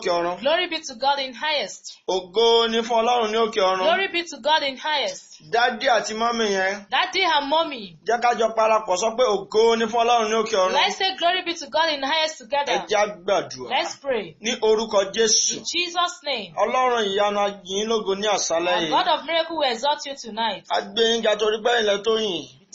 òkè ọ̀run. Glory be to God in highest. Ògo ni fún Ọlọ́run ní òkè ọ̀run. Glory be to God in highest. Dádì àti mọ́mì yẹn. Dádì and mọ́mì. Jẹ́ ká jọ parapọ̀ sọ pé ògo ni fún Ọlọ́run ní òkè ọ̀run. Let's say glory be to God in highest together. Ẹ jẹ́ Let's pray. Ní orúkọ Jésù. In Jesus' name. Ọlọ́run ìyanu a yìn lógo ní àṣálẹ́ yìí. The God of miracle will exalt you tonight. A ga torí bẹ́ẹ̀ ilẹ̀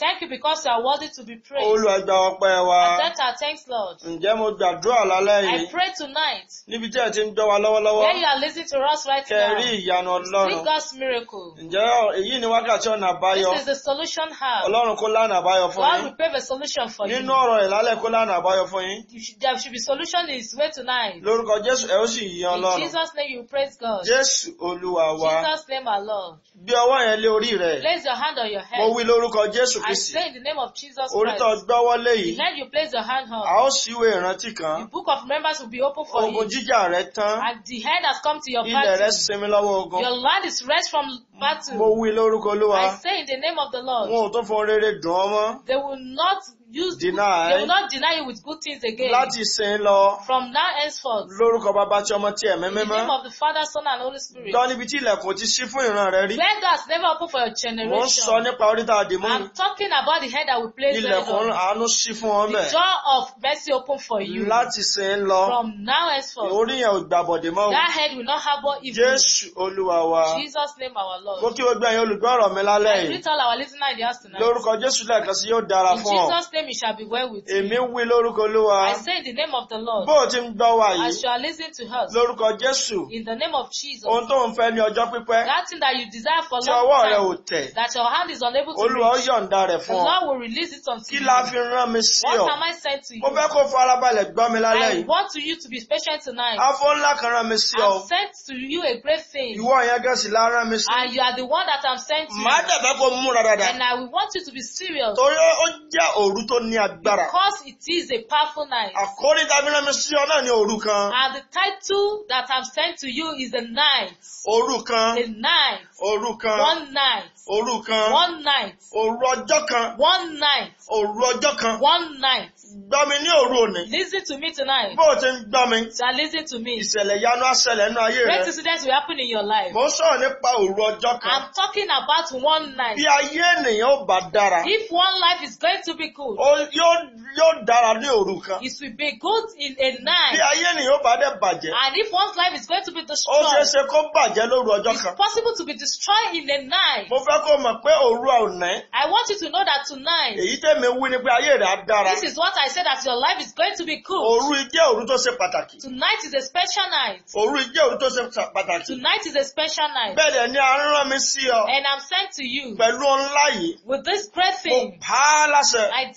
Thank you because you are worthy to be praised. Olúwa gba ọpẹ́ wa. Accept our thanks Lord. Ǹjẹ́ mo gbàdúrà lálẹ́ yìí? I pray tonight. Níbi tí ẹ ti ń gbọ́ wa lọ́wọ́lọ́wọ́. Where you are listening to us right now. Kẹrí ìyanu Ọlọ́run. See God's miracle. Ǹjẹ́ èyí ni wákàtí ọ̀nà àbáyọ? This is the solution how. Ọlọ́run kó lánàá àbáyọ fún yín. God will pave a solution for you. Nínú ọ̀rọ̀ ẹ̀ kó lánàá àbáyọ fún yín. There should be solution in his way tonight. Lórúkọ Jésù ẹ ó sì yí Ọlọ́run. In Jesus name you praise God. Jésù Olúwa wa. Jesus name our Lord. Gbé ọwọ́ Place your hand on your head. Mo wí lórúkọ Jésù Kr Kristi. I say in the name of Jesus Christ. Orí tó gbọ́wọ́lé yìí. The leg you place your hand on. A ó sí ìrántí kan. The book of members will be open for you. Ogun jíjà rẹ tán. And the head has come to your party. Ilẹ̀ rẹ sinmi lọ́wọ́ ogun. Your land is rest from battle. Mo wí lórúkọ Olúwa. I say in the name of the Lord. Wọn ò tún fọ rere dùn ọ mọ́. They will not use deny, good, they will not deny you with good things again. Láti sin lọ. From now henceforth. Lórúkọ bàbá tí ọmọ tí ẹ̀mí mímọ́. In the name of the Father, Son and Holy Spirit. Lọ níbi tí ilẹ̀kùn ti ṣí fún ìran rẹ rí. Where doors never open for your generation. Wọ́n sọ nípa orí tá I'm talking about the head that we play. well. Ilẹ̀kùn àánú ṣí fún ọ bẹ́ẹ̀. The jaw of mercy open for you. Láti sin lọ. From now henceforth. Orí yẹn ò gbàbọ̀dé mọ́. That head will not harbour evil. Jésù Olúwa wa. Jesus name our Lord. Mo kí gbogbo olùgbọ́ ọ̀rọ̀ mi lálẹ́ yìí. I greet all our listeners in the house tonight. Lórúkọ Jésù lẹ́ẹ̀kan sí yóò dára fún ọ. In Jesus name name it shall be well with you. Èmi wí lórúkọ Olúwa. I say the name of the Lord. Bó o ti ń gbọ́ wa yìí. As you are listening to us. Lórúkọ Jésù. In the name of Jesus. Ohun tó ń fẹ́ ní ọjọ́ pípẹ́. That thing that you desire for long time. Tí ọwọ́ rẹ ò tẹ̀. That your hand is unable to reach. Olúwa ó yọ̀ǹda rẹ̀ fún ọ. The Lord will release it unto you. Kí la fi rán mi sí ọ? What am I sent to you? Mo fẹ́ kó farabalẹ̀ gbọ́ mi lálẹ́ yìí. I want you to be special tonight. Afọ ńlá kan rán mi sí ọ. I sent to you a great thing. Ìwọ yẹn gẹ̀ẹ́sì And you are the one that I sent to. And I will want you to be serious. Torí ó jẹ́ òru tó ní agbára. because it is a powerful night. àkórí tàbí sí ọ náà ní òru kan. and the title that I'm sent to you is the night. òru kan. the night. òru kan. one night. òru kan. one night. òru ọjọ́ kan. one night. òru ọjọ́ kan. one night. gbọ́ mi ní òru òní. listen to me tonight. bó o ti ń gbọ́ mi. so listen to me. ìṣẹ̀lẹ̀ yanu aṣẹlẹ̀ nínú ayé rẹ. great incidents will happen in your life. mo sọ̀rọ̀ nípa òru ọjọ́ kan. I'm talking about one night. bí ayé ènìyàn ò bá dára. if one life is going to be good. Yóò dára ní òru kan. It will be good in a night. Bí ayé ènìyàn bá dẹ̀ bàjẹ́. And if one's life is going to be destroyed. Ó ṣeé ṣe kó bàjẹ́ lóru ọjọ́ kan. It's possible to be destroyed in a night. Mo fẹ́ kó mọ̀ pé òru àná. I want you to know that tonight. Èyí tẹ̀mí wí ni pé ayé rẹ̀ á dára. This is what I said that your life is going to be good. Òru jẹ́ òru tó ṣe pàtàkì. Tonight is a special night. Òru jẹ́ òru tó ṣe pàtàkì. Tonight is a special night. Bẹ́ẹ̀ dẹ̀ a ń rán mi sí ọ. And I'm sent to you. Pẹ̀lú ọ̀nlá yìí. With this great thing. Mo pa á láṣẹ. I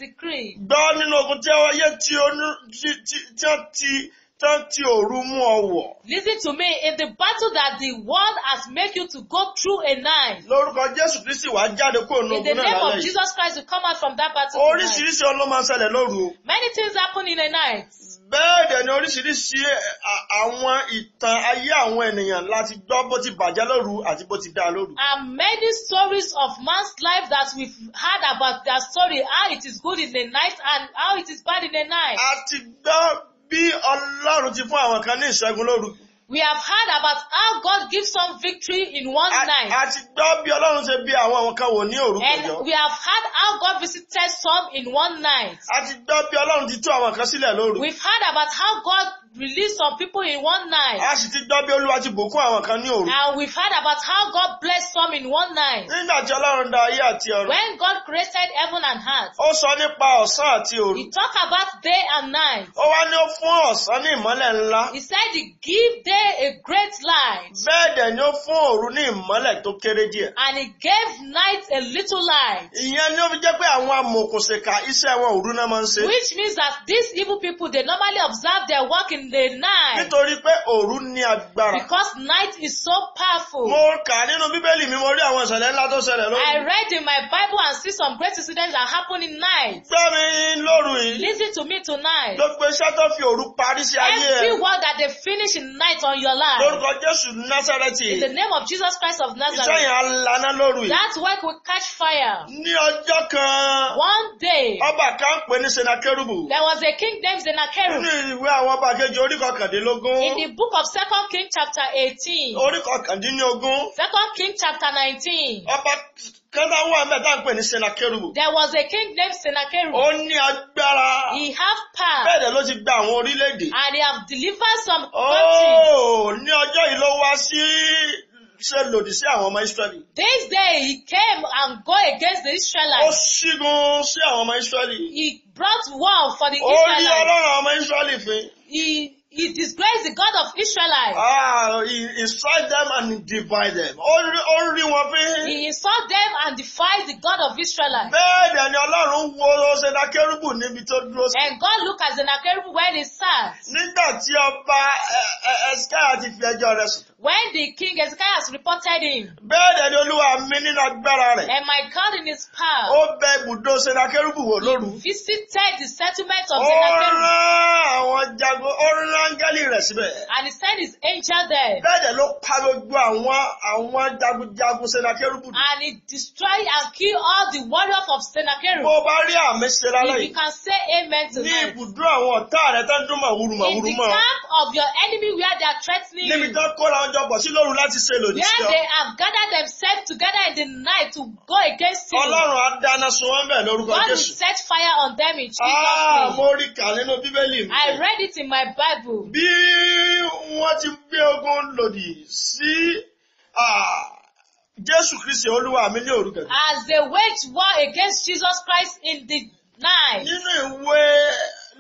Gbọ́ nínú ogun tí ayé tí ó ti tán òru mú ọ wọ̀. Listen to me in the battle that the world has made you to go through a night. Lórúkọ Jésù Kristi wàá jáde kúrò ní ogun náà lálẹ́ yìí. In the name of Jesus Christ you come out from that battle tonight. Oríṣiríṣi ọlọ́mọ ṣẹlẹ̀ lóru. Many things happen in a night bẹ́ẹ̀ dẹ̀ ni oríṣiríṣi àwọn ìtàn ayé àwọn ènìyàn láti gbọ́ bó ti bàjẹ́ lóru àti bó ti dá lóru. and many stories of man's life that we've heard about their story how it is good in the night and how it is bad in the night. a ti gbọ́ bí Ọlọ́run ti fún àwọn kan ní ìṣẹ́gun lóru We have heard about how God gives some victory in one a, night. A ti gbọ́ bí Ọlọ́run ṣe bí àwọn kan wò ní òru kọjọ. And we have heard how God visited some in one night. A ti gbọ́ bí Ọlọ́run ti tú àwọn kan sílẹ̀ lóru. We've heard about how God release some people in one night. a sì ti gbọ́ bí olúwa ti bùkún àwọn kan ní òru. and we've heard about how God blessed some in one night. nígbà tí ọlọ́run dá ayé àti ọ̀run. when God created heaven and earth. ó sọ nípa ọ̀sán àti òru. he talked about day and night. ó wá ní ó fún ọ̀sán ní ìmọ́lẹ̀ ńlá. he said he give day a great light. bẹ́ẹ̀ dẹ̀ ni ó fún òru ní ìmọ́lẹ̀ tó kéré díẹ̀. and he gave night a little light. ìyẹn ni ó fi jẹ́ pé àwọn amòkùnṣèkà iṣẹ́ wọn òru náà máa ń ṣe. which means that these evil people they normally observe their work in the night. nítorí pé òru ní agbára. because night is so powerful. mo kà nínú bíbélì mi mo rí àwọn ìṣẹ̀lẹ̀ ńlá tó ṣẹlẹ̀ lóru. I read in my Bible and see some great incidents that happen in night. gbọ́ mi lóru yìí. listen to me tonight. gbogbo iṣẹ́ tó fi òru parí sí ayé ẹ. every word that they finish in night on your life. lórúkọ Jésù Násárẹ́tì. in the name of Jesus Christ of Nazareth. iṣẹ́ yẹn alana lóru yìí. that work will catch fire. ní ọjọ́ kan. one day. ọba kan pè ní Senakérubù. there was a king named Senakérubù. nínú ìwé àwọn ọba kejì kejì orí kọkàndínlógún. in the book of second king chapter eighteen. orí kọkàndínlógún. second king chapter nineteen. ọba kẹ́ńtà wà mẹ́ta ń pè ní senakeru. there was a king named senakeru. ó ní agbára. he have power. bẹ́ẹ̀ ló ti gba àwọn orílẹ̀-èdè. and he have delivered some countries. ó ní ọjọ́ yìí ló wá sí ṣe lòdì sí àwọn ọmọ Ísírẹ́lì. This day he came and go against the Israelites. Ó ṣígun sí àwọn ọmọ Ísírẹ́lì. He brought war for the Israelites. Ó rí Ọlọ́run ọmọ Ísírẹ́lì fín. He He disgraced the God of Israelites. Ah, he, he them and divided them. Ó rí wọn fín. He insult them and defied the God of Israelites. Bẹ́ẹ̀ dẹ̀ ni Ọlọ́run wo Senakeribu níbi tó dúró sí. And God look at Senakeribu when he sat. Nígbà tí ọba Ẹ̀ẹ́dẹ́síkáyà eh, eh, ti fi ẹjọ́ rẹ̀ sùn. When the king Ezekias reported him. Bẹ́ẹ̀ dẹ̀ ni Olúwa mi nínú agbára rẹ̀. And my God in his power. Ó bẹ ibùdó Senakérúbù wò lóru. He visited the settlement of Senakérúbù. Ó rán àwọn jago ó rán áńgẹ́lì rẹ̀ síbẹ̀. And he sent his angel there. Bẹ́ẹ̀ dẹ̀ ló pa gbogbo àwọn àwọn jagunjagun Senakérúbù. And he destroyed and killed all the warriors of Senakérúbù. Bó o bá rí àmì ṣe lálẹ́ yìí. You can say amen tonight. Ní ibùdó àwọn ọ̀tá rẹ̀ tó dún màwúrú màwúrú mọ́. In the camp of your enemy where they are threatening you. Níbi tó kóra wọn sí lóru láti ṣe lòdì sí ọ. where they have gathered themselves together in the night to go against you. Ọlọ́run á dáná sun wọn bẹ̀ lórúkọ Jésù. God will set fire on them in Jesus' ah, name. Ah, mo rí kà nínú Bíbélì mi. I read it in my Bible. Bí wọ́n ti gbé ogun lòdì sí Jésù Kristi Olúwa mi ní òru gẹ̀gẹ̀. As they wage war against Jesus Christ in the night. Nínú ìwé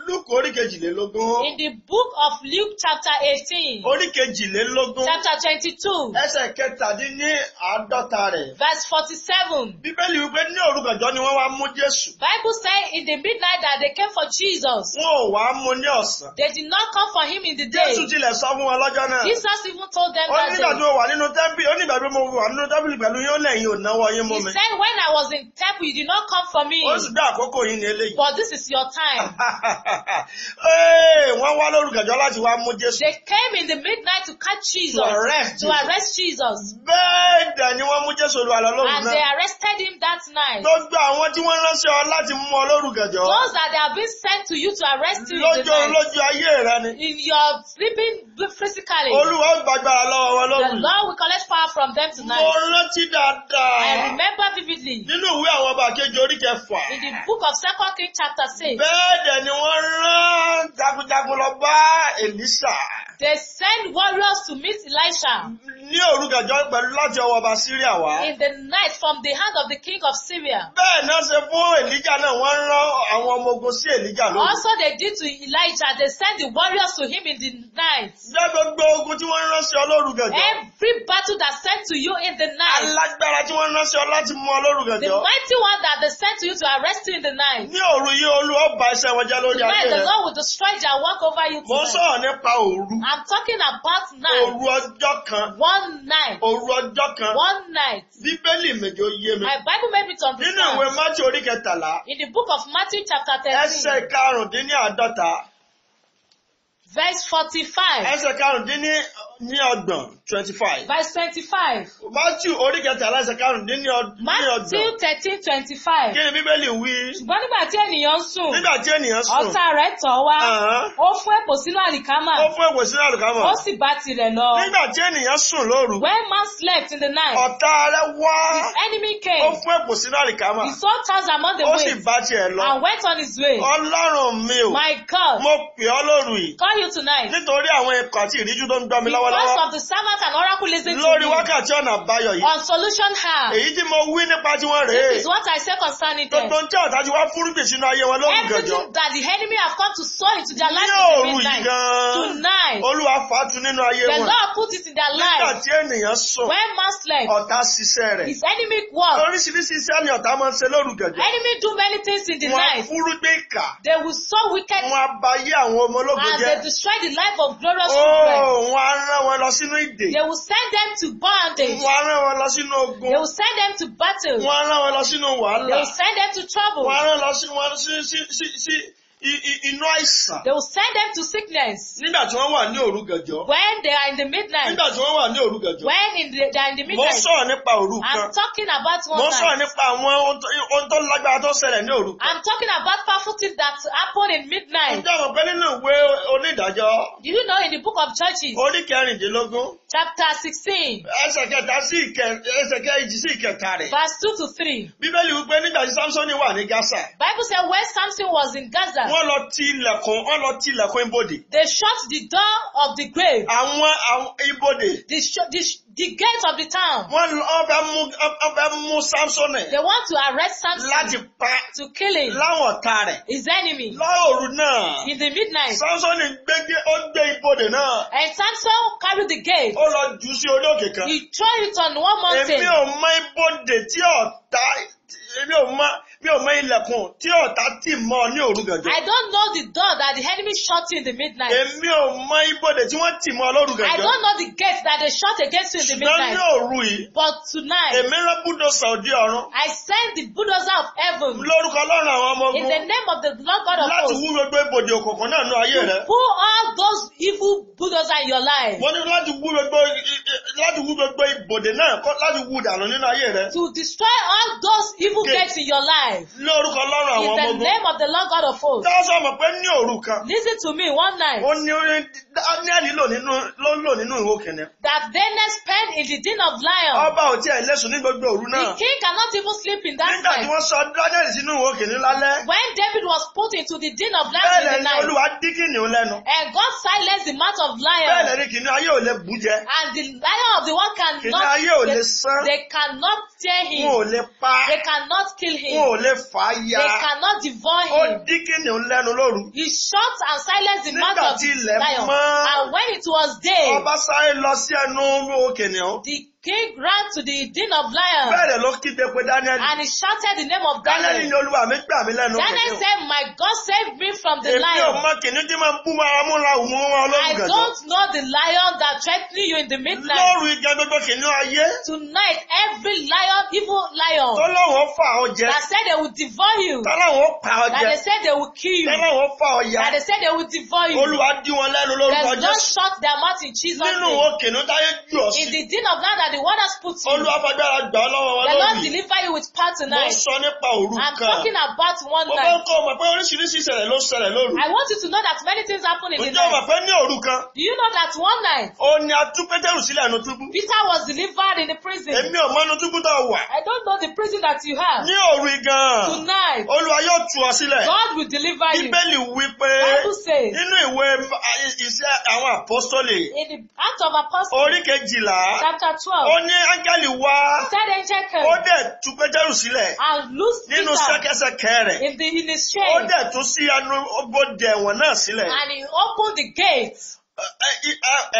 Luke orí In the book of Luke chapter eighteen. Orí Chapter twenty-two. Ẹsẹ̀ kẹtàdínní àádọ́ta rẹ̀. Verse forty-seven. Bíbélì wípé ní òru gànjọ́ ni wọ́n wá mú Jésù. Bible say in the midnight that they came for Jesus. Wọn ò wá mú ní ọ̀sán. They did not come for him in the day. Jésù tilẹ̀ sọ fún wọn lọ́jọ́ náà. Jesus even told them that day. Ó ní ìgbàgbọ́ wà nínú tẹ́ḿpìlì ó ní ìgbàgbọ́ mo wà nínú tẹ́ḿpìlì pẹ̀lú yóò lẹ́yìn ò náwó yín mú mi. He said when I was in temple you did not come for me. Ó sì gbé àkókò yín ní eléyìí. But this is your time. wọ́n wá lórúkàjọ́ láti wá mú Jésù. They came in the midnight to catch Jesus. To arrest Jesus. To arrest Jesus. Bẹ́ẹ̀ dẹ̀ ni wọ́n mú Jésù Olúwa lọ lóru And they arrested him that night. Gbogbo àwọn tí wọ́n ránṣẹ́ ọ láti mú ọ lórúkàjọ́. Those that they have been sent to you to arrest you lójú, in the ayé rẹ ni. In your sleeping physically. Olúwa ó gbàgbára lọ́wọ́ wọn lóru. The Lord will collect power from them tonight. Mo rántí dáadáa. I remember vividly. Nínú ìwé àwọn ọba àkejì orí kẹfà. In the book of Second King chapter six. Bẹ́ẹ̀ dẹ̀ ni wọ́n rán jagunjagun lọ bá Èlíṣà They send warriors to meet Elisha. Ní òru pẹ̀lú láti ọwọ́ ọba Syria wá. In the night from the hand of the king of Syria. Bẹ́ẹ̀ náà ṣe fún Elijah náà wọ́n rán àwọn ọmọ ogun sí Elijah lóru. Also they did to Elijah they send the warriors to him in the night. Bẹ́ẹ̀ gbogbo ogun tí wọ́n rán sí ọ Every battle that sent to you in the night. Alágbára tí wọ́n rán sí ọ láti mú ọ The mighty one that they sent to you to arrest you in the night. Ní òru yìí Olú ó iṣẹ́ wọn jẹ́ lórí ayé Tonight the Lord will destroy their work over you tonight. Mo sọ̀rọ̀ nípa òru. I'm talking about night. Òru ọjọ́ kan. One night. Òru ọjọ́ kan. One night. Bíbélì méje yé mi. My Bible made me to understand. Nínú ìwé Matthew orí kẹtàlá. In the book of Matthew chapter thirteen. Ẹsẹ̀ karùndínláàádọ́ta. Verse forty-five. Ẹsẹ̀ karùndínláàádọ́ta ní ọgbọ̀n twenty five. verse twenty five. Matthew orí kẹtàlá ẹsẹ̀ karùn-ún ní ọgbọ̀n. Matthew thirteen twenty five. kí ni Bíbélì wí. ṣùgbọ́n nígbà tí ènìyàn ń sùn. nígbà tí ènìyàn ń sùn. ọ̀tá rẹ̀ tọ̀ wá. ó fún èpò sínú àlìkámà. ó fún èpò sínú àlìkámà. ó sì bá tirẹ̀ lọ. nígbà tí ènìyàn sùn lóru. when man slept in the night. ọ̀tá rẹ̀ wá. his enemy came. ó fún èpò sínú àlìkámà. he saw tares among the waves. ó sì bá tirẹ̀ lọ. and went on his way. ọlọ́run mi o. my God. mo pè ọ́ lóru yìí. call you tonight. nítorí àwọn ikọ̀ àti ìríjú tó ń gbọ́ mi lọ́wọ́ lọ́wọ́lọ́wọ́. voice of the servant and oracle listen to me. lórí wákàtí ọ̀nà àbáyọ yìí. on solution her. èyí tí mo wí nípa tiwọn rèé. this is what I say concerning them. gbogbo njẹ́ ọ̀tá ti wá fúrúgbìn sínú ayé wọn lóhùn gànjọ́. everything that the enemy have come to sow into their life in the midnight. tonight. olúwa fàtú nínú ayé wọn. the Lord put it in their life. nígbà tí ènìyàn sùn. when man slept. ọ̀tá ṣiṣẹ́ rẹ̀. his enemy work. oríṣiríṣi iṣẹ́ ni ọ̀tá máa ń ṣe lóhùn gànjọ́. enemy do many things in the night. wọn fúrúgbìn kà. they will sow wicked. wọn abayé àwọn ọmọ ológun jẹ. and they destroy the life of glorious oh, children. ó wọn ará rán wọn lọ sínú ìdè. They will send them to bondage. Wọ́n á rán wọn lọ sínú ogun. They will send them to battle. Wọ́n á rán wọn lọ sínú wàhálà. They will send them to trouble. Wọ́n á rán wọn lọ sí sí sí sí inú àìsàn. they will send them to sickness. nígbà tí wọ́n wà ní òru gànjọ́. when they are in the midnight. nígbà tí wọ́n wà ní òru gànjọ́. when in the, they are in the midnight. mo sọ̀rọ̀ nípa òru kan. I'm talking about one night. mo sọ̀rọ̀ nípa àwọn ohun tó lágbára tó ṣẹlẹ̀ ní òru kan. I'm talking about powerful things that happen in midnight. ǹjẹ́ o pé nínú ìwé onídàájọ́. do you know in the book of Judges. orí kẹrìndínlógún. chapter sixteen. ẹsẹ̀ kẹta sí ìkẹ ẹsẹ̀ kẹjì sí ìkẹta rẹ̀. verse two to three. bíbélì wípé nígbà tí Samson wà ní Gaza. Bible say when Samson was in Gaza wọ́n lọ ti ilẹ̀kùn wọ́n lọ ti ilẹ̀kùn ibodè. they shut the door of the grave. àwọn àwọn ibodè. the the the gate of the town. wọ́n lọ fẹ́ mú fẹ́ mú samson. they want to arrest samson. láti pa to kill him. láwọn ọ̀tá rẹ̀. his enemy. lọ́ọ̀rù náà. in the midnight. samson gbé ó gbé ibodè náà. and samson carry the gate. ó lọ jù sí orí òkè kan. he throw it on one mountain. èmi ò mọ ibodè tí ọ̀tá èmi ò mọ mi ò mọ ilẹ̀kùn tí ọ̀tá tì mọ́ ní òru gànjọ́. I don't know the door that the enemy shut in the midnight. Èmi ò mọ ibodè tí wọ́n tì mọ́ lóru gànjọ́. I don't know the gate that they shut against you in the midnight. Ṣùgbọ́n ní òru yìí. But tonight. Èmi rán búdòsà òdi ọ̀run. I send the bulldozer of heaven. Lórúkọ Ọlọ́run àwọn ọmọ ogun. In the name of the Lord God of hosts. Láti wú gbogbo ibodè òkùnkùn náà nú ayé rẹ. Who all those evil bulldozers in your life. Wọ́n ní láti wú gbogbo ibodè náà láti To destroy all those evil gates in your life life. Lórúkọ Ọlọ́run àwọn ọmọ ogun. In the name of the Lord God of hosts. Tọ́ sọ mọ̀ pé ní òru kan. Listen to me one night. Ó ní Daniel lò nínú ló ń lò nínú ìwò kìnìún. That Daniel spent in the den of lions. Ọba ò tiẹ̀ lẹ́sùn ní gbogbo òru náà. The king cannot even sleep in that night. Nígbà tí wọ́n sọ Daniel sínú ìwò kìnìún lálẹ́. When David was put into the den of lions in the night. Bẹ́ẹ̀ ni Olúwa dí kìnìún lẹ́nu. And God silenced the mouth of lions. Bẹ́ẹ̀ kìnìún ayé ò lè bù jẹ. And the lion of the world cannot. Kìnìún ayé ò lè sán. They cannot tear him. Wọn ò lè pa. They cannot kill him. Wọn ò l lè fà á ya. They cannot devour him. Ó dí kìnìún lẹ́nu lóru. He shot and silenced the mouth of the lion. Nígbà tí ilẹ̀ mọ́. And when it was day. Ọba sáré lọ sí ẹnu òkè nìyẹn. The King ran to the den of lions. Bẹ́ẹ̀ ló kí pé Daniel. And he shouted the name of Daniel. Daniel ni olúwa mi gbà mí lẹ́nu. Daniel said my God save me from the lion. Èmi ò mọ kìnní tí máa ń bú máa mú ra òun mọ́ ọlọ́run gàdán. I don't know the lion that threatened you in the midnight. Lóru igẹ gbogbo kìnní ayé. Tonight every lion evil lion. Tọ́lọ́wọ́ fà ọ jẹ. That said they will devour you. Tọ́lọ́wọ́ pa ọ jẹ. That they said they will kill you. Tọ́lọ́wọ́ fà ọ ya. That they said they will devour you. Olúwa dí wọn lẹ́nu lórúkọ Jésù. They don't shut their mouth in Jesus' name. Nínú òkè ní táyé jù ọ sí. In the den of land that the Lord has put you. Olúwa gbà ọ́ lọ́wọ́ wọn lórí. The Lord deliver you with power tonight. Mo sọ nípa òru kan. I'm talking about one night. Mo fẹ́ kọ́ ọ mọ̀ pé oríṣiríṣi ìṣẹ̀lẹ̀ ló ṣẹlẹ̀ lóru. I want you to know that many things happen in the night. Ǹjẹ́ o mọ̀ pé ní òru kan? Do you know that one night? O ní a Pétérù sílẹ̀ ẹnu túbú. Peter was delivered in the prison. Èmi ò mọ inú túbú tó wà. I don't know the prison that you have. Ní òru gan. Tonight. Olúwa yóò tú ọ sílẹ̀. God will deliver you. Bíbélì wí pé. Bible says. Nínú ìwé uh, iṣẹ́ àwọn In the act of apostoli. Chapter twelve himself. Ó ní áńgẹ́lì wá. said angel came. Ó dẹ̀ tú Pétérù sílẹ̀. And loose Peter. Nínú ṣẹ́kẹ́ṣẹkẹ̀ rẹ̀. In the in the chain. Ó dẹ̀ tú sí ẹnu bodè ẹ̀wọ̀n náà sílẹ̀. And he opened the gate.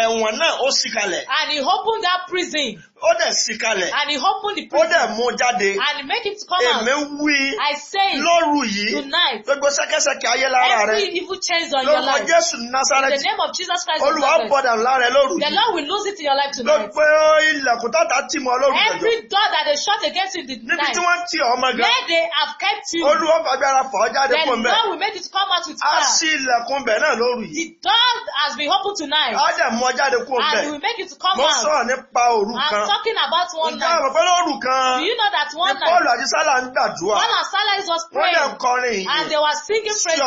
Ẹ̀wọ̀n náà ó ṣí kalẹ̀. And he opened that prison ó dẹ̀ sì and he opened the prison. ó dẹ̀ mú jáde. and he made it come out. èmi I say it lóru yìí. tonight. gbogbo ṣẹ́kẹ́ṣẹkẹ̀ ayé lára rẹ. every evil chains on your life. lórúkọ Jésù Nazareth. in the name of Jesus Christ of Nazareth. olúwa bọ̀dà lára rẹ lóru the Lord will lose it in your life tonight. gbogbo ilẹ̀kùn tọ́ta tì mọ́ lóru jọjọ. every door that they shut against you tonight. the níbi tí wọ́n ti ọmọ gan. where they have kept you. olúwa fàbí ara fà ọ́ jáde fún mi. the Lord will make it come out with power. a ṣí ilẹ̀kùn bẹ̀ náà lóru yìí. the door has been opened tonight. á dẹ̀ mọ́ jáde kú ọ̀bẹ. and he will make it come out. mo sọ̀rọ̀ nípa òru kan talking about one night. ǹjẹ́ àwọn pẹ̀lú òru kan. do you know that one night. ni Paul àti Sala ń gbàdúrà. Paul and Sala is just praying. wọ́n lè kọrin yìí. and they were singing praises.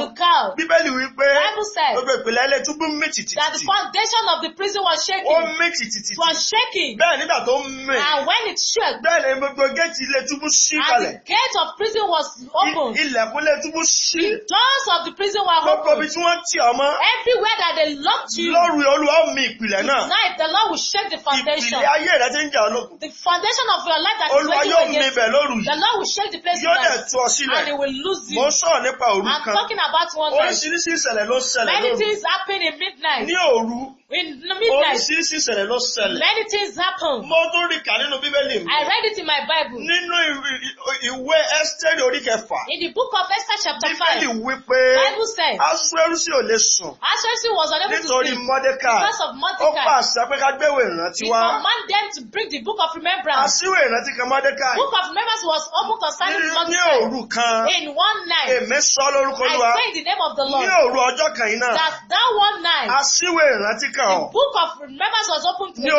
to God. bíbélì wípé. Bible says. gbogbo ìpìlẹ̀ ilé túbú mì tìtìtì. that the foundation of the prison was shaking. ó mì tìtìtì. was shaking. bẹ́ẹ̀ nígbà tó mì. and when it shook. bẹ́ẹ̀ ni gbogbo géètì ilé túbú ṣí kalẹ̀. and the gate of prison was opened. ilẹ̀kùn ilé túbú ṣí. the doors of the prison were opened. gbogbo ibi tí wọ́n tì ọmọ. everywhere that they locked you. lórí Olúwa ó mì ìpìlẹ̀ náà. tonight the Lord will shake the foundation ayé rẹ ti ń jà ológun. the foundation of your life that is waiting for you. the Lord will shake the place down. yóò dẹ̀ tú ọ sílẹ̀. and he will lose you. mo ń nípa òru kan. I'm talking about one night. oríṣiríṣi ìṣẹ̀lẹ̀ ló ṣẹlẹ̀ lóru. many things happen in midnight. ní òru in the midnight. many things happen. mo tún rí kà nínú bíbélì mi. I read it in my bible. nínú ìwé Ẹ́sítérì orí kẹfà. in the book of Esther chapter five. bíbélì wí pé. bible said. Ahasuerusi ò lè sùn. Ahasuerusi was unable to sleep. nítorí Mordecai. because of Mordecai. ó pàṣẹ pé ká gbéwò ìrántí wá. he command them to bring the book of remembrance. àṣìwò ìrántí kan Mordecai. book of remembrance was open concerning Mordecai. ní òru kan. in one night. èmi sọ lórúkọ Olúwa. I say the name of the Lord. ní òru ọjọ́ kan yìí that that one night. àṣìwò ìrántí kan kàn the book of remembrance was opened to me.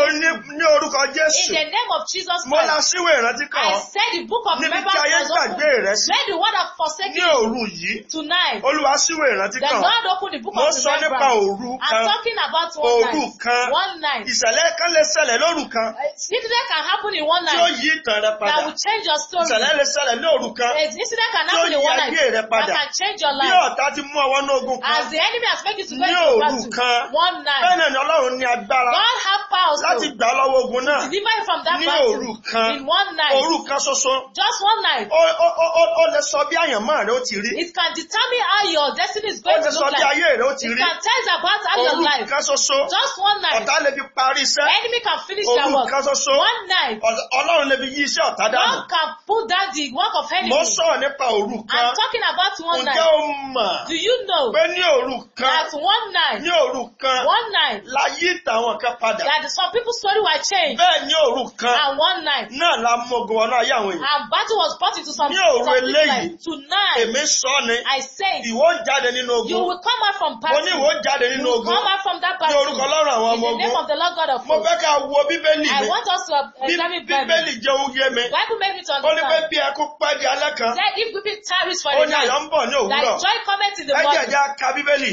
ní orúkọ Jésù. in the name of Jesus Christ. mo la síwò ìrántí kàn I said the book of remembrance was opened. níbi tí ayé gbàgbé rẹ sí. where the word of forsaken. ní òru yìí. tonight. Olúwa síwò ìrántí kàn the Lord opened the book of remembrance. mo sọ nípa òru kan. I'm talking about one night. òru kan. one night. ìṣẹ̀lẹ̀ kan lè ṣẹlẹ̀ lóru kan. incident can happen in one night. tí ó yí ìtàn rẹ padà. that will change your story. ìṣẹ̀lẹ̀ lè ṣẹlẹ̀ lóru kan. incident can happen in one night. tó yí ayé rẹ padà. that can change your life. bí ọ̀tá ti mú ọwọ́ ní as the enemy has made you to go into battle. one night ni Ọlọ́run ní agbára. God have power so. Láti gbà lọ́wọ́ ogun náà. To deliver you from that battle. Ní òru kan. In one night. Òru kan ṣoṣo. Just one night. Ó ó ó ó lè sọ bí àyànmọ́ rẹ ó ti rí. It can determine how your destiny is going to look like. Ó lè sọ bí ayé rẹ ó ti rí. It can tell about how your life. Òru kan ṣoṣo. Just one night. Ọ̀tá lè fi parí iṣẹ́. Enemy can finish their work. Òru kan ṣoṣo. One night. Ọlọ́run lè fi yí iṣẹ́ ọ̀tá dànù. God can pull down the work of enemy. Mo sọ̀rọ̀ nípa òru kan. I'm talking about one night. Ǹjẹ́ o mọ̀? Do you know? Pé ní òru kan. At one night. Ní òru kan. One night láyé ìtàwọn kan padà. that some people's story were changed. bẹ́ẹ̀ ní òru kan. and one night. náà la mú ogun wọnú ayé àwọn èèyàn. and battle was brought into some. ní òru eléyìí. tonight. èmi sọ ni. I say. ìwọ ń jáde nínú ogun. you will come out from battle. mo ní ìwọ ń jáde nínú ogun. you will come out from that battle. ní orúkọ lọ́rùn àwọn ọmọ ogun. in the name of the Lord God of hosts. mo fẹ́ ká wo bíbélì mi. I want us to uh, examine Bible. bíbélì jẹ́ oyé mi. Bible make me to understand. ó ní pé bí ẹkú pẹ́ di alẹ́ kan. then if weeping tarries for the night.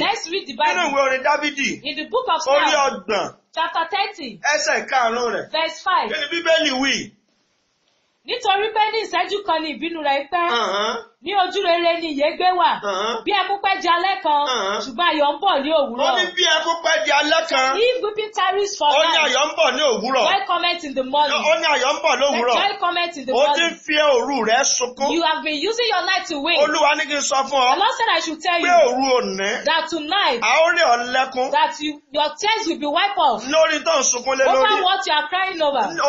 let's read the Bible. nínú ìwé orin Dávidi. in the book of orí ọgbọ̀n. chapter thirty. ẹsẹ̀ karùn-ún rẹ̀. verse five. kí ni bíbélì wí. nítorí pé ní ìṣẹ́jú kan ni ìbínú rẹ̀ pẹ́ ní ojú rere ni ìyégbé wà uh-huh. bí ẹkún pẹ́ di alẹ́ kan uh-huh. ṣùgbọ́n ayọ̀ ń bọ̀ ní òwúrọ̀. ó ní bí ẹkún pẹ́ di alẹ́ kan. if weeping tarries for night. ó ní ayọ̀ ń bọ̀ ní òwúrọ̀. joy comment in the morning. ó ní ayọ̀ ń bọ̀ ní òwúrọ̀. joy comment in the morning. ó ti fi òru rẹ sunkún. you have been using your night to win. olúwa ní kí n sọ fún ọ. the Lord said I should tell you. pé òru òní. that tonight. a ó rí ọ lẹ́kún. that you, your tears will be wiped off. lórí tó ń sunkún lé lórí. over what you are crying over. ó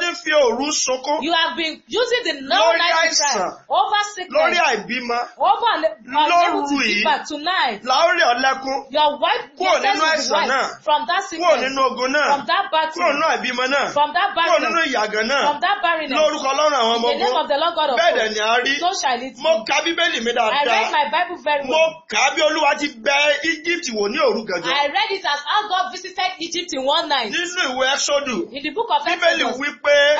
ti ń fi òru sunkún. you have been using the night to cry over sickness. lórí àìbímọ. over lóru tonight. láórí ọ̀lẹ́kún. your wife your test is the from that sickness. kúrò nínú ogun náà. from that battle. kúrò nínú àìbímọ náà. from that battle. kúrò nínú ìyàgàn náà. from that barrenness. lórúkọ ọlọ́run àwọn ọmọ ogun. in the name of the lord god of hosts. bẹ́ẹ̀ dẹ̀ ni a rí. so shall it be. mo ka bíbélì mi dáadáa. I read my bible very well. mo kà bí olúwa ti bẹ Egypt wò ní òru gànjọ. I read it as how God visited Egypt in one night. nínú ìwé Ẹ́sọ́dù. in the book of Exodus. bíbélì wí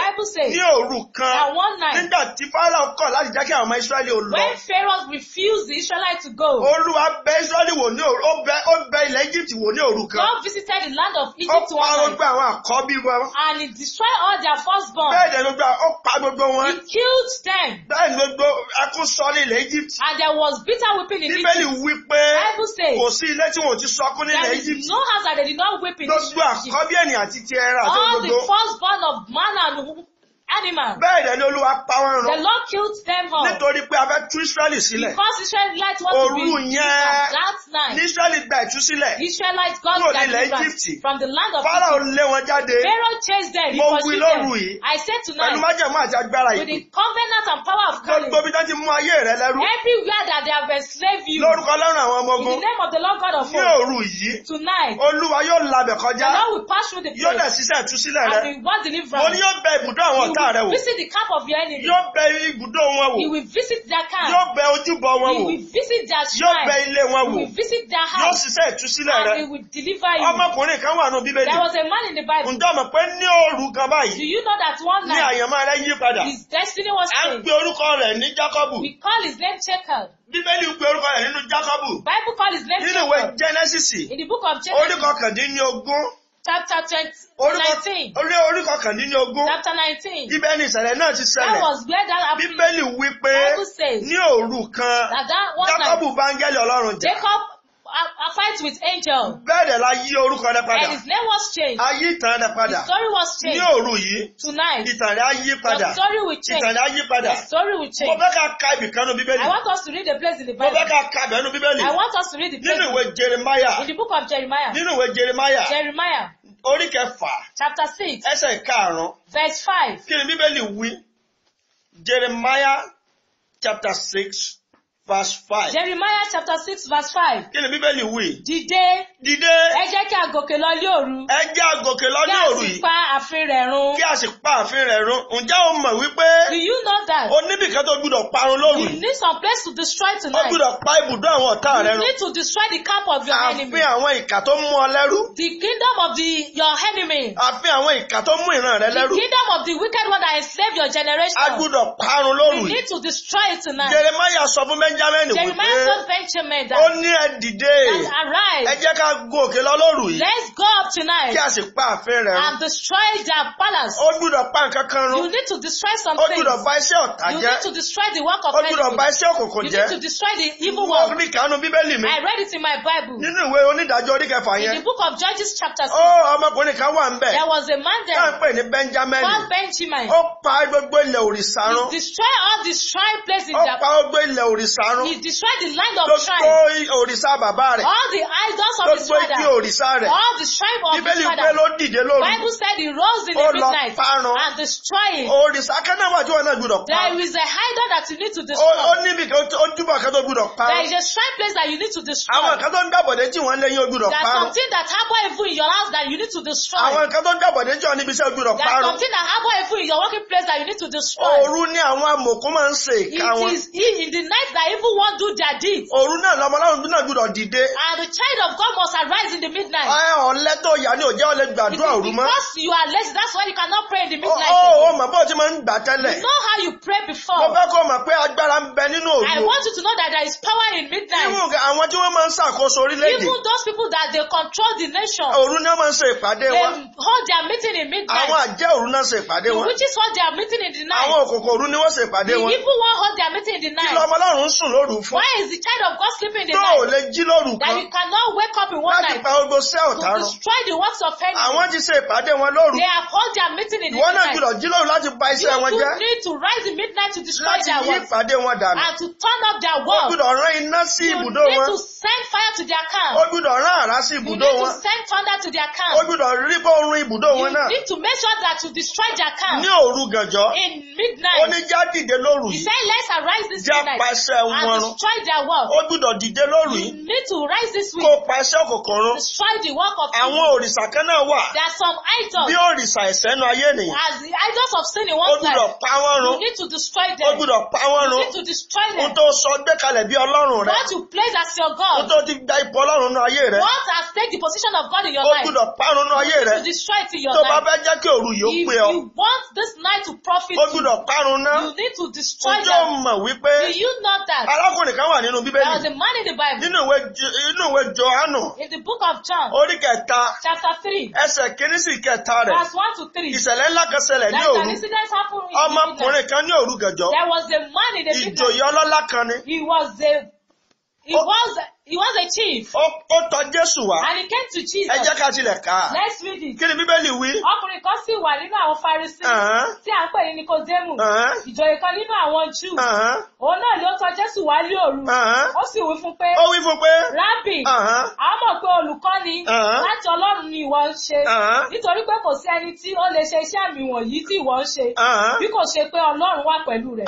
bible says. ní òru kan. and one night. nígbà fẹ́ ọmọ Israẹli ò lọ. when Pharaoh refused the Israelites to go. Olúwa bẹ Israẹli wò ní òru ó bẹ ó bẹ ilẹ̀ Egypt wò ní òru kan. God visited the land of Egypt one night. ó pa gbogbo àwọn àkọ́bí wọn. and he destroyed all their firstborn. bẹ́ẹ̀ ni gbogbo ó pa gbogbo wọn. he killed them. bẹ́ẹ̀ ni gbogbo ẹkún sọ ní ilẹ̀ Egypt. and there was bitter weeping in Egypt. Bíbélì wí pé kò sí ilé tí wọn ò ti sọkún nílẹ̀ Egypt. there is no house that they did not weep in Egypt. gbogbo àkọ́bí ẹni àti ti ẹran àti gbogbo. all the firstborn of man and woman animals. bẹ́ẹ̀ dẹ̀ ni olúwa pa wọ́n run. the Lord killed them all. nítorí pé a fẹ́ tú Israẹli sílẹ̀. because Israelites want Oru to be free from that night. ní Israẹli gba ìtúsílẹ̀. God got their deliverance from the land of Egypt. Pharaoh lé wọn jáde. Pharaoh chased them. he pursued them. mo wí lóru yìí. I said tonight. pẹ̀lú májèmú àti agbára yìí. with the covenant and power of God. gbogbo ibi tó mú ayé rẹ lẹ́rú. everywhere that they have enslaved you. lórúkọ lọ́rùn àwọn ọmọ ogun. in the name of the Lord God of hosts. ní òru yìí. tonight. olúwa yóò labẹ̀ kọjá. the Lord will pass through the place. yóò dẹ̀ ṣiṣẹ́ ìtúsílẹ̀ rẹ. and we will deliverance. mo ní yóò bẹ ibùdó àwọn ọ̀tá rẹ wò. visit the camp of your enemy. yóò bẹ ibùdó wọn wò. he will visit their camp. yóò bẹ ojúbọ wọn wò. he will visit their shrine. yóò bẹ ilé wọn wò. he will visit their house. yóò ṣiṣẹ́ ìtúsílẹ̀ rẹ. and he will deliver you. ọmọkùnrin kan wà nù bíbélì. there was a man in the bible. ǹjọ́ mọ̀ pé ní òru kan báyìí. do you know that one night. ní àyànmọ́ rẹ yí padà. his destiny was changed. à ń gbé orúkọ rẹ̀ ní jákọ́bù. we call his name Jacob. Bíbélì pe orúkọ rẹ̀ nínú Jákọ́bù. Bible call his name Jacob. Nínú ìwé Genesis. In the book of Genesis. Orí kọkàndínlógún chapter twenty nineteen. orí orí kọkànlélógún. chapter nineteen. ibẹ̀ ni ìṣẹ̀lẹ̀ náà ti ṣẹlẹ̀. that was where that happened. bíbélì wí pé ní òru kan. that that one night. jacob báńgẹ́lì ọlọ́run jà. jacob a fight with angel. bẹ́ẹ̀ la yí orúkọ rẹ padà. and his name was changed. a yí ìtàn rẹ padà. the story was changed. ní òru yìí. tonight. ìtàn rẹ á yí padà. the story will change. ìtàn rẹ á yí padà. the story will change. mo fẹ́ ká ka ibì kan nínú bíbélì. I want us to read the place in the bible. mo fẹ́ ká ka ibì kan nínú bíbélì. I want us to read the place. nínú ìwé Jeremiah. in the book of Jeremiah. nínú ìwé Jeremiah. Jeremiah. orí kẹfà. chapter six. ẹsẹ̀ ìkarùn-ún. verse five. kí ni bíbélì wí? Jeremiah chapter six verse five. Jeremiah chapter six verse five. Kí ni Bíbélì wí? Dìde. Dìde. Ẹ jẹ́ kí a gòkè lọ ní òru. Ẹ jẹ́ a gòkè lọ ní òru yìí. Kí a sì pa àfin rẹ̀ run. Kí a sì pa àfin rẹ̀ run. Ǹjẹ́ o mọ̀ wípé? Do you know that? O níbi kan tó gbúdọ̀ parun lóru. You need some place to destroy tonight. O gbúdọ̀ pa ibùdó àwọn ọ̀tá rẹ run. You need to destroy the camp of your enemy. Àfin àwọn ìkà tó mú ọ lẹ́rú. The kingdom of the your enemy. Àfin àwọn ìkà tó mú ìran rẹ lẹ́rú. The kingdom of the wicked one that enslaved your generation. A gbúdọ̀ parun lóru yìí. We need to destroy it tonight. Jeremiah sọ fún mẹ́ benjamin wípé. jeremiah told benjamin that. ó ní ẹ dìde. arise. ẹ jẹ́ ká gòkè lọ lóru yìí. let's go up tonight. kí a sì pa ààfin rẹ̀. and destroy their palace. ó gbúdọ̀ pa nǹkan kan run. you need to destroy some things. ó gbúdọ̀ ba iṣẹ́ ọ̀tá jẹ́. you need to destroy the work of men. ó gbúdọ̀ ba iṣẹ́ òkùnkùn jẹ́. you need to destroy the evil work. wọ́n rí kánú bíbélì mi. I read it in my bible. nínú ìwé onídàájọ́ orí kẹfà yẹn. in the book of Judges chapter six. ó oh, ọmọkùnrin kan wà ń bẹ̀. there was a man there. káà ń pè ní benjamin. called benjamin. ó pa gbogbo ilẹ̀ òrìṣà run. he destroyed all the shrine places in their. ó pa gbogbo ilẹ̀ òrìṣà karùn he destroyed the land of tribe. tó gbó òrìṣà bàbá all the idols of his father. tó gbó igi òrìṣà all the tribe of his father. bíbélì pé ló dìde lóru. bible said he rose in the midnight. and destroyed. it. òrìṣà kanáà wọn náà gbúdọ̀ pa. there is a idol that you need to destroy. ó níbi ó dúbọ̀ kan gbúdọ̀ pa. there is a shrine place that you need to destroy. àwọn kan ń dàbọ̀dé tí wọ́n lẹ́yìn ó gbúdọ̀ there is something that harbor evil in your house that you need to destroy. àwọn kan ń dàbọ̀dé tí wọ́n níbi iṣẹ́ ó gbúdọ̀ there is something that harbor evil in your working place that you need to destroy. òru ni àwọn amòkú máa ń ṣe it is in the night that evil one do their deeds. òru náà lọmọ ọlọ́run náà gbúdọ̀ dìde. and the child of God must arise in the midnight. ẹ ọ̀lẹ́ tó yà ni òjẹ́ ọ̀lẹ́ gbàdúrà òru mọ́. because you are lazy that's why you cannot pray in the midnight. ó ó mọ̀ bó ti máa ń gbà tẹ́lẹ̀. you know how you pray before. mo fẹ́ kó o mọ̀ pé agbára ń bẹ nínú òru. I want you to know that there is power in midnight. even àwọn tí wọ́n máa ń ṣàkóso orílẹ̀-èdè. even those people that they control the nation. òru náà máa ń ṣe ìpàdé wa. they hold their meeting in midnight. àwọn àjẹ́ òru náà ṣe ìpàdé meeting in the night. àwọn òkùnkùn òru ni wọn. the evil hold their meeting in the night sùn lóru fún. why is the child of God sleeping in the night. tó o lè jí lóru kan. that you cannot wake up in one night. láti pa gbogbo sí ọ̀tá to destroy the works of enemy. àwọn ti ṣe ìpàdé wọn lóru. they have called their meeting in the night. ìwọ náà gbọ́dọ̀ jí lóru láti bà iṣẹ́ wọn jẹ́. you do need to rise in midnight to destroy their works. láti yí ìpàdé wọn dànù. and to turn up their work. o gbọ́dọ̀ rán iná sí ibùdó wọn. you need to send fire to their camp. o gbọ́dọ̀ rán àrá sí ibùdó wọn. you need to send thunder to their camp. o gbọ́dọ̀ rí pé oorun ibùdó wọn náà. you need to make sure that you destroy their camp. ní òru gànjọ́. in midnight. ó ní já dìde lóru yìí. he said let's arise this midnight. jápa iṣẹ́ wọn and destroy their work. ó gbúdọ̀ dìde lóru you need to rise this week. kó pa iṣẹ́ òkùnkùn run. destroy the work of àwọn òrìṣà kan náà wà. there are some idols. bí òrìṣà ẹ̀ṣẹ̀ nu ayé nìyẹn. as the idols of sin in one time. ó gbúdọ̀ pa wọ́n run. you need to destroy them. ó gbúdọ̀ pa wọ́n run. you need to destroy them. ohun tó sọ gbé kalẹ̀ bí ọlọ́run rẹ. what you place as your God. ohun tó ti gba ipò ọlọ́run nu ayé rẹ. what has take the position of God in your life. ó gbúdọ̀ pa wọ́n run ayé rẹ. you need to destroy it in your life. tó bá fẹ́ jẹ́ kí òru yìí ó pé ọ. if you want this night to profit you. ó gbúdọ̀ parun náà. you need to destroy them. ǹjọ́ mọ̀ wípé. do you know that that. Arákùnrin kan wà nínú Bíbélì. There was a man in the Bible. Nínú ìwé inú ìwé Jòhánù. In the book of John. Orí kẹta. Chapter three. Ẹsẹ̀ kìíní sí kẹta rẹ̀. Verse one to three. Ìṣẹ̀lẹ̀ ńlá kan ṣẹlẹ̀ ní òru. That an incident happened in the Ọmọkùnrin kan ní òru gànjọ́. There was a man in the midnight. Ìjòyè ọlọ́lá kan ni. He was a he was He was a chief. Ó ó tọ Jésù wá. And he came to Jesus. Ẹ jẹ́ ká tilẹ̀ kà. Let's read it. Kí ni Bíbélì wí? Ọkùnrin kan sì wà nínú àwọn Farisí. Uh-huh. Tí à ń pè ní Nikodemu. Uh-huh. Ìjòyè kan nínú àwọn Júù. Uh-huh. Òun náà ló tọ Jésù wá lé òru. Ó sì wí fún pé. Ó wí fún pé. Rábì. A mọ̀ pé olùkọ́ni láti Ọlọ́run ni ìwọ ń ṣe. Nítorí pé kò sí ẹni tí ó lè ṣe iṣẹ́ àmì wọ̀nyí tí ìwọ ń ṣe. Bí kò ṣe pé Ọlọ́run wà pẹ̀lú rẹ̀.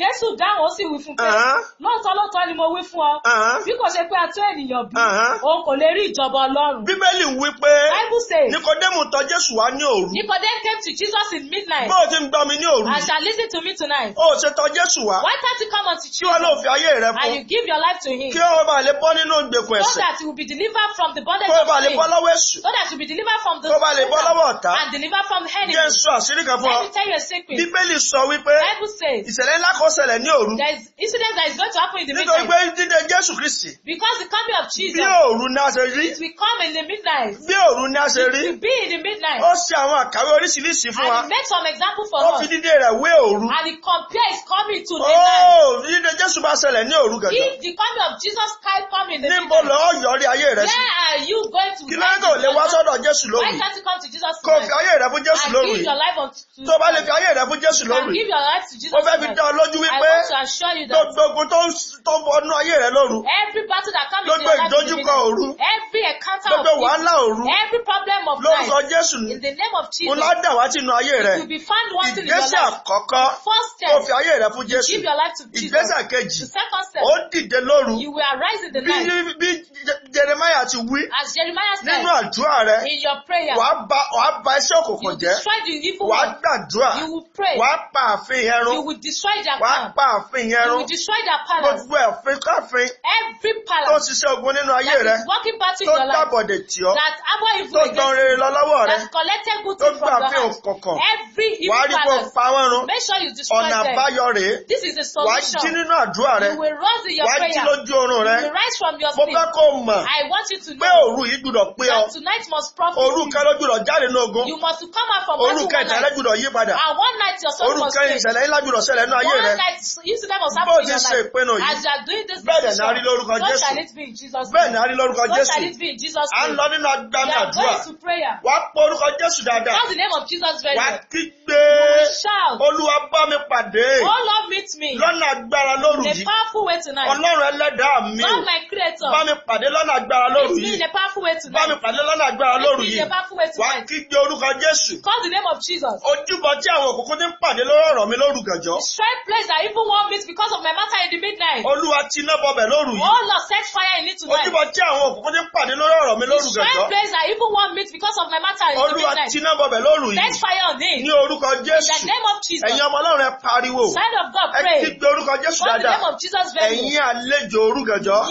Jésù dáhùn ó sì wí fún pé pé a tó ènìyàn bí òun kò lè rí ìjọba ọlọ́run. bíbélì wí pé nikodemu tọ̀ jésù wá ní òru. nikodemu came to jesus in midnight. bó o ti ń gbọ́ mi ní òru. and shall listen to me tonight. o ṣe tọ̀ jésù wá. why can't you come unto jesus. kí wọn fi ayé rẹ fún. and you give your life to him. kí o bá lè bọ́ nínú ìgbèkùn ẹ̀sìn. so that you will be delivered from the bondage of sin. kó so that you be delivered from the. kó o bá lè and delivered from the enemy. jẹ́ àṣírí kan fún ọ. bíbélì sọ wípé. bible says. ìṣẹ̀lẹ̀ ńlá kan ṣẹlẹ̀ ní òru. there is incident that is going to happen in the midnight. nítorí pé dídé jésù kristi. Because the coming of Jesus. Bí òru ni ṣe rí. It will come in the midnight. Bí òru ni ṣe rí. It will be in the midnight. Ó ṣe àwọn àkàwé oríṣiríṣi fún wa. And he made some example for us. Ó fi dídé rẹ̀ wé òru. And he compare his coming to the night. Ó dídé Jésù bá ṣẹlẹ̀ ní òru gàdá. If the coming of Jesus Christ come in the midnight. Níbo lọ yọrí ayé rẹ sí? Where are you going to? Kí lóyún kò lè wá sọ́dọ̀ Jésù lóru? Why can't you come to Jesus Christ? Kò fi ayé rẹ fún Jésù lóru. And give your life unto Jesus. Tó bá lè fi ayé rẹ fún Jésù lóru. And give your life to Jesus Christ. Mo fẹ́ fi dá ọ lójú wípé. I want to assure you that. Gbogbo tó ń bọ̀ nú ayé rẹ lóru. Every part battle that comes in your life. Gbogbo ìdojúkọ òru. Every encounter of evil. Gbogbo wàhálà òru. Every problem of life. Lórúkọ Jésù. In the name of Jesus. Mo ládà wá sínú ayé rẹ. It will be found one thing in your life. Ìgbésẹ̀ àkọ́kọ́. First step. Kò fi ayé rẹ fún Jésù. Give your life to Jesus. Ìgbésẹ̀ kejì. The second step. Ó dìde lóru. You will arise in the night. Bí bí Jeremiah ti wí. As Jeremiah said. Nínú àdúrà rẹ. In your prayer. Wàá ba wàá ba iṣẹ́ òkùnkùn jẹ́. You destroy the evil one. Wàá gbàdúrà. You will pray. Wàá pa àfin yẹn run. You will destroy their camp. palace. Gbogbo ẹ̀fin káfin. Every palace tó ń ṣiṣẹ́ ogun nínú ayé rẹ. that is working part in your life. tó dábọ̀dẹ̀ tì ọ́. that abo evil against tó dán rere lọ lọ́wọ́ rẹ. that collected good from your hand. tó gbà fún òkọ̀kọ̀. every evil balance. wàá rí kó pa wọ́n run. make sure you destroy them. ọ̀nà àbáyọ rèé. this is the solution. wàá jí nínú àdúrà rẹ. you will rise in your prayer. wàá jí lójú oorun rẹ. you will rise from your sleep. mo fẹ́ kó mọ̀. I want you to know. pé òru yìí gbúdọ̀ pé ọ. must profit. òru kan gbúdọ̀ jáde ní ogun. you must come out from one night. òru kẹta lẹ gbúdọ̀ yí padà. and one night your soul must pay. òru kẹrin ìṣẹ̀lẹ̀ ńlá gbúdọ̀ ṣẹlẹ̀ nínú ayé rẹ. one night incident must happen in ti ṣe ìpinnu yìí. as you doing this decision. bẹ́ẹ̀ dẹ̀ náà rí lórúkọ Jésù shall it be in Jesus' name. bẹ́ẹ̀ ni a rí lórúkọ Jésù. so shall it be in Jesus' name. à ń lọ nínú agbami àdúrà. we are going to prayer. wà á pọ orúkọ Jésù dáadáa. call the name of Jesus very well. wà á kígbe. we shout. Olúwa bá mi pàdé. oh Lord meet me. lọ́nà agbára lóru yìí. in a powerful way tonight. Ọlọ́run ẹlẹ́dàá mi. God my creator. bá mi pàdé lọ́nà agbára lóru yìí. meet me in a powerful way tonight. bá mi pàdé lọ́nà agbára lóru yìí. meet me in a powerful way tonight. wà á kígbe orúkọ Jésù. call the name of Jesus. ojúbọ tí àwọn òkùnkùn ti ń pàdé lọ́rọ̀ ọ̀rọ̀ mi lóru gànjọ́. strike place that even one meet because of my matter in the midnight. Olúwa ti iná bọbẹ̀ lóru yìí. all oh, set fire in it tonight. ojúbọ tí àwọn òkùnkùn ti ń pàdé lórí ọ̀rọ̀ mi lóru gẹ̀gọ́. the strange place I even wan meet because of my matter in the business. olúwa tiná bọbẹ lóru yìí. set fire on it. ní orúkọ Jésù. in the name of Jesus. ẹ̀yin ọmọ Ọlọ́run ẹ pariwo. child of God pray. ẹ ti orúkọ Jésù dáadáa. for the name of Jesus very well. ẹ̀yin àlejò òru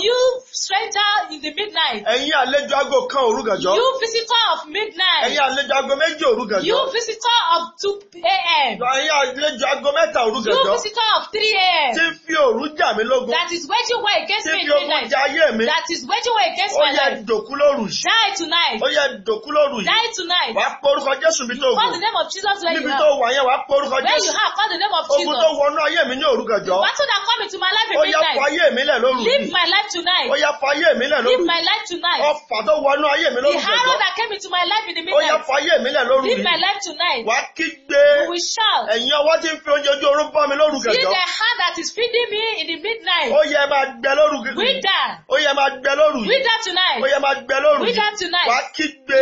you stranger in the midnight. ẹ̀yin àlejò aago kan òru you visitor of midnight. ẹ̀yin àlejò aago méjì òru you visitor of two a.m. ẹ̀yin àlejò aago mẹ́ta òru you visitor of three a.m. ti fi òru jà mí lógun. that is waiting well against me in midnight ìjà ayé mi. that is waging war against my life. ó yẹ dòkú lóru die tonight. ó yẹ dòkú lóru die tonight. wàá porúkọ Jésù bí tó wù. call the name of Jesus where you are. níbi tó wà yẹn wàá porúkọ Jésù. where you are call the name of Jesus. ogun tó wọnú ayé mi ní òrùkànjọ́. the battle that come into my life in midnight. ó yẹ fọ ayé mi lẹ̀ lóru yìí. my life tonight. ó yẹ fọ ayé mi lẹ̀ lóru yìí. my life tonight. ọfà tó wọnú ayé mi lórúkànjọ́. the arrow that came into my life in the midnight. ó yẹ fọ ayé mi lẹ̀ lóru yìí. my life tonight. wàá kígbe. we shall. ẹ̀yin ọwọ́ tí ń fi oúnjẹ ojú orun bọ́ mi lórúkànjọ́. see the hand that is feeding me in the midnight. ó yẹ máa gbẹ lórúkànjọ́. we die ó yẹ máa gbẹ lóru yìí. read that tonight. ó yẹ máa gbẹ lóru yìí. read that tonight. wàá kígbe